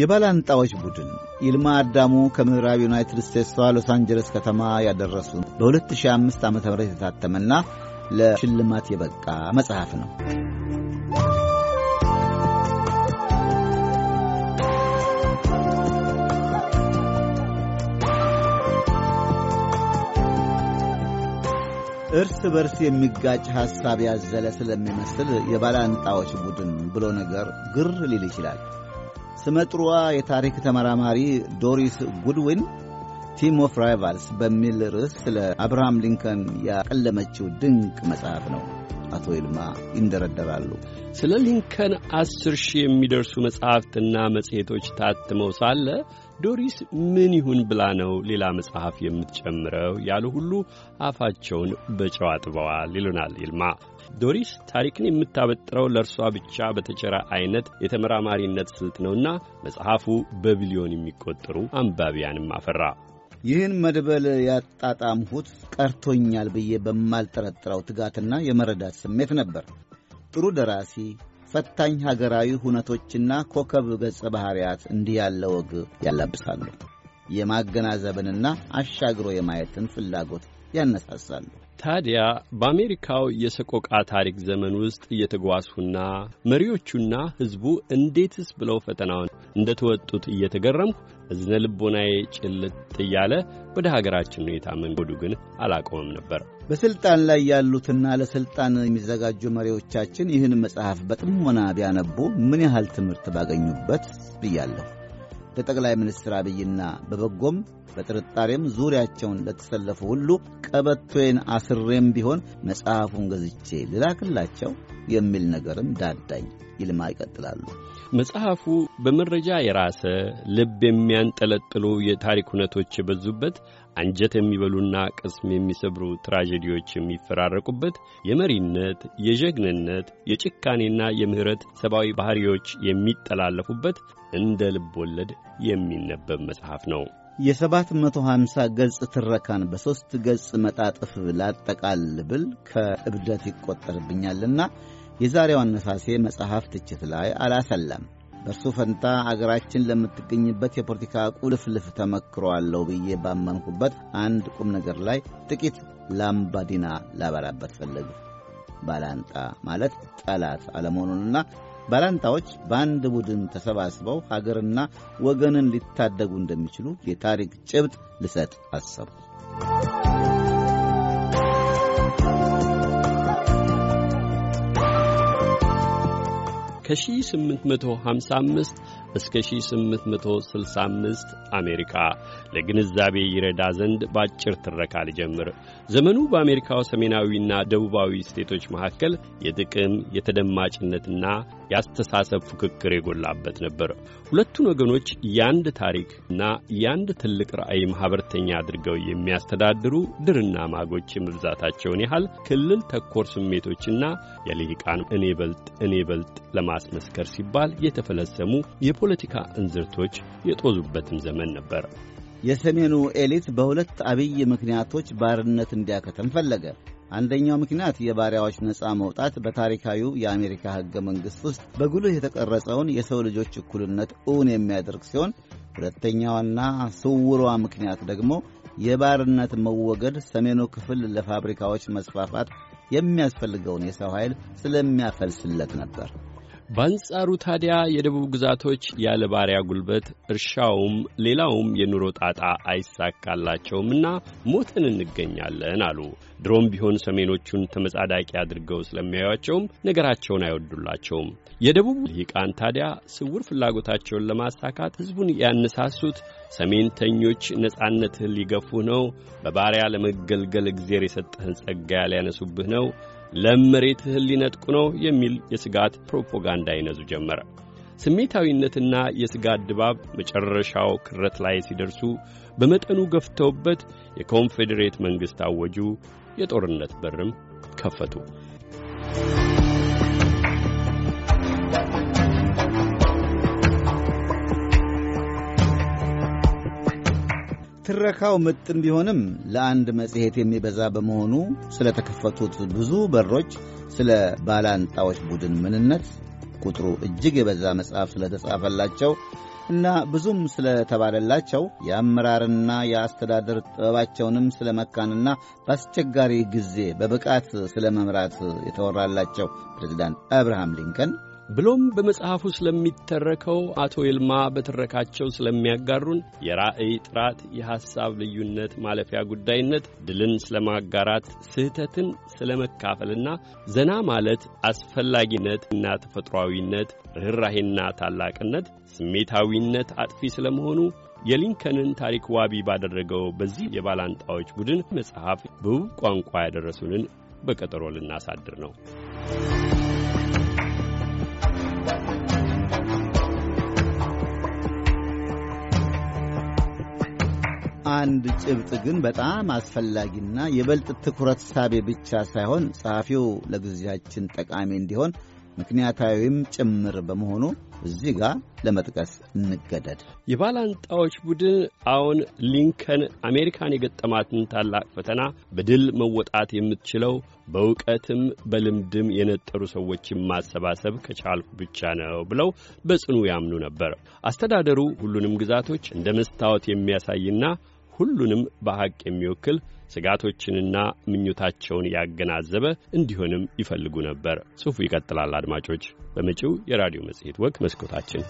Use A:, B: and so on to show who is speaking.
A: የባላንጣዎች ቡድን ይልማ አዳሙ ከምዕራብ ዩናይትድ ስቴትስዋ ሎስ አንጀለስ ከተማ ያደረሱን በ2005 ዓ ም የታተመና ለሽልማት የበቃ መጽሐፍ ነው። እርስ በርስ የሚጋጭ ሐሳብ ያዘለ ስለሚመስል የባላንጣዎች ቡድን ብሎ ነገር ግር ሊል ይችላል። ስመጥሯ የታሪክ ተመራማሪ ዶሪስ ጉድዊን ቲም ኦፍ ራይቫልስ በሚል ርዕስ ስለ አብርሃም ሊንከን ያቀለመችው ድንቅ
B: መጽሐፍ ነው። አቶ ይልማ ይንደረደራሉ። ስለ ሊንከን አስር ሺህ የሚደርሱ መጽሐፍትና መጽሔቶች ታትመው ሳለ ዶሪስ ምን ይሁን ብላ ነው ሌላ መጽሐፍ የምትጨምረው ያሉ ሁሉ አፋቸውን በጨው አጥበዋል ይሉናል ይልማ። ዶሪስ ታሪክን የምታበጥረው ለእርሷ ብቻ በተቸራ አይነት የተመራማሪነት ስልት ነውና መጽሐፉ በቢሊዮን የሚቆጠሩ አንባቢያንም አፈራ።
A: ይህን መድበል ያጣጣምሁት ቀርቶኛል ብዬ በማልጠረጥረው ትጋትና የመረዳት ስሜት ነበር። ጥሩ ደራሲ፣ ፈታኝ ሀገራዊ ሁነቶችና ኮከብ ገጸ ባህሪያት እንዲህ ያለ ወግ ያላብሳሉ። የማገናዘብንና አሻግሮ የማየትን ፍላጎት ያነሳሳሉ።
B: ታዲያ በአሜሪካው የሰቆቃ ታሪክ ዘመን ውስጥ እየተጓዝሁና መሪዎቹና ሕዝቡ እንዴትስ ብለው ፈተናውን እንደተወጡት እየተገረምሁ እዝነ ልቦናዬ ጭልጥ እያለ ወደ ሀገራችን ሁኔታ መንገዱ ግን አላቆመም ነበር።
A: በሥልጣን ላይ ያሉትና ለሥልጣን የሚዘጋጁ መሪዎቻችን ይህን መጽሐፍ በጥሞና ቢያነቡ ምን ያህል ትምህርት ባገኙበት ብያለሁ። ለጠቅላይ ሚኒስትር አብይና በበጎም በጥርጣሬም ዙሪያቸውን ለተሰለፉ ሁሉ ቀበቶዬን አስሬም ቢሆን መጽሐፉን ገዝቼ ልላክላቸው የሚል ነገርም ዳዳኝ ይልማ ይቀጥላሉ።
B: መጽሐፉ በመረጃ የራሰ ልብ የሚያንጠለጥሉ የታሪክ ሁነቶች የበዙበት አንጀት የሚበሉና ቅስም የሚሰብሩ ትራጀዲዎች የሚፈራረቁበት የመሪነት፣ የጀግንነት፣ የጭካኔና የምህረት ሰብአዊ ባህሪዎች የሚጠላለፉበት እንደ ልብ ወለድ የሚነበብ መጽሐፍ ነው።
A: የ750 ገጽ ትረካን በሦስት ገጽ
B: መጣጥፍ ላጠቃል ብል
A: ከእብደት ይቆጠርብኛልና የዛሬው አነሳሴ መጽሐፍ ትችት ላይ አላሰለም በእርሱ ፈንታ አገራችን ለምትገኝበት የፖለቲካ ቁልፍልፍ ተመክሮአለሁ ብዬ ባመንኩበት አንድ ቁም ነገር ላይ ጥቂት ላምባዲና ላበራበት ፈለግሁ። ባላንጣ ማለት ጠላት አለመሆኑንና ባላንጣዎች በአንድ ቡድን ተሰባስበው ሀገርና ወገንን ሊታደጉ እንደሚችሉ የታሪክ ጭብጥ ልሰጥ አሰቡ።
B: ከ1855 እስከ 1865 አሜሪካ ለግንዛቤ ይረዳ ዘንድ በአጭር ትረካ ልጀምር። ዘመኑ በአሜሪካው ሰሜናዊና ደቡባዊ ስቴቶች መካከል የጥቅም የተደማጭነትና የአስተሳሰብ ፉክክር የጎላበት ነበር። ሁለቱን ወገኖች የአንድ ታሪክና የአንድ ትልቅ ራዕይ ማኅበርተኛ አድርገው የሚያስተዳድሩ ድርና ማጎች የመብዛታቸውን ያህል ክልል ተኮር ስሜቶችና የልሂቃን እኔ በልጥ እኔ በልጥ ለማስመስከር ሲባል የተፈለሰሙ የፖለቲካ እንዝርቶች የጦዙበትም ዘመን ነበር። የሰሜኑ
A: ኤሊት በሁለት አብይ ምክንያቶች ባርነት እንዲያከተም ፈለገ። አንደኛው ምክንያት የባሪያዎች ነፃ መውጣት በታሪካዊ የአሜሪካ ሕገ መንግሥት ውስጥ በጉልህ የተቀረጸውን የሰው ልጆች እኩልነት እውን የሚያደርግ ሲሆን ሁለተኛዋና ስውሯ ምክንያት ደግሞ የባርነት መወገድ ሰሜኑ ክፍል ለፋብሪካዎች መስፋፋት የሚያስፈልገውን የሰው ኃይል ስለሚያፈልስለት ነበር።
B: በአንጻሩ ታዲያ የደቡብ ግዛቶች ያለ ባሪያ ጉልበት እርሻውም ሌላውም የኑሮ ጣጣ አይሳካላቸውምና ሞተን እንገኛለን አሉ። ድሮም ቢሆን ሰሜኖቹን ተመጻዳቂ አድርገው ስለሚያዩቸውም ነገራቸውን አይወዱላቸውም። የደቡብ ልሂቃን ታዲያ ስውር ፍላጎታቸውን ለማሳካት ሕዝቡን ያነሳሱት ሰሜንተኞች ነጻነትህ ሊገፉህ ነው፣ በባሪያ ለመገልገል እግዜር የሰጠህን ጸጋያ ሊያነሱብህ ነው ለም መሬትህን ሊነጥቁ ነው የሚል የስጋት ፕሮፓጋንዳ ይነዙ ጀመረ። ስሜታዊነትና የስጋት ድባብ መጨረሻው ክረት ላይ ሲደርሱ በመጠኑ ገፍተውበት የኮንፌዴሬት መንግሥት አወጁ፣ የጦርነት በርም ከፈቱ።
A: ትረካው ምጥን ቢሆንም ለአንድ መጽሔት የሚበዛ በመሆኑ ስለተከፈቱት ብዙ በሮች፣ ስለ ባላንጣዎች ቡድን ምንነት፣ ቁጥሩ እጅግ የበዛ መጽሐፍ ተጻፈላቸው እና ብዙም ስለተባለላቸው የአመራርና የአስተዳደር ጥበባቸውንም ስለ መካንና በአስቸጋሪ ጊዜ በብቃት ስለ መምራት የተወራላቸው ፕሬዚዳንት አብርሃም ሊንከን ብሎም በመጽሐፉ
B: ስለሚተረከው አቶ ይልማ በትረካቸው ስለሚያጋሩን የራዕይ ጥራት፣ የሐሳብ ልዩነት ማለፊያ ጉዳይነት፣ ድልን ስለማጋራት፣ ስህተትን ስለመካፈልና ዘና ማለት አስፈላጊነት እና ተፈጥሯዊነት፣ ርኅራሄና ታላቅነት፣ ስሜታዊነት አጥፊ ስለመሆኑ የሊንከንን ታሪክ ዋቢ ባደረገው በዚህ የባላንጣዎች ቡድን መጽሐፍ በውብ ቋንቋ ያደረሱንን በቀጠሮ ልናሳድር ነው።
A: አንድ ጭብጥ ግን በጣም አስፈላጊና የበልጥ ትኩረት ሳቤ ብቻ ሳይሆን ጸሐፊው ለጊዜያችን ጠቃሚ እንዲሆን ምክንያታዊም ጭምር በመሆኑ እዚህ ጋር ለመጥቀስ እንገደድ።
B: የባላንጣዎች ቡድን አሁን ሊንከን አሜሪካን የገጠማትን ታላቅ ፈተና በድል መወጣት የምትችለው በእውቀትም በልምድም የነጠሩ ሰዎችን ማሰባሰብ ከቻልኩ ብቻ ነው ብለው በጽኑ ያምኑ ነበር። አስተዳደሩ ሁሉንም ግዛቶች እንደ መስታወት የሚያሳይና ሁሉንም በሐቅ የሚወክል ስጋቶችንና ምኞታቸውን ያገናዘበ እንዲሆንም ይፈልጉ ነበር። ጽሑፉ ይቀጥላል። አድማጮች፣ በመጪው የራዲዮ መጽሔት ወቅት መስኮታችን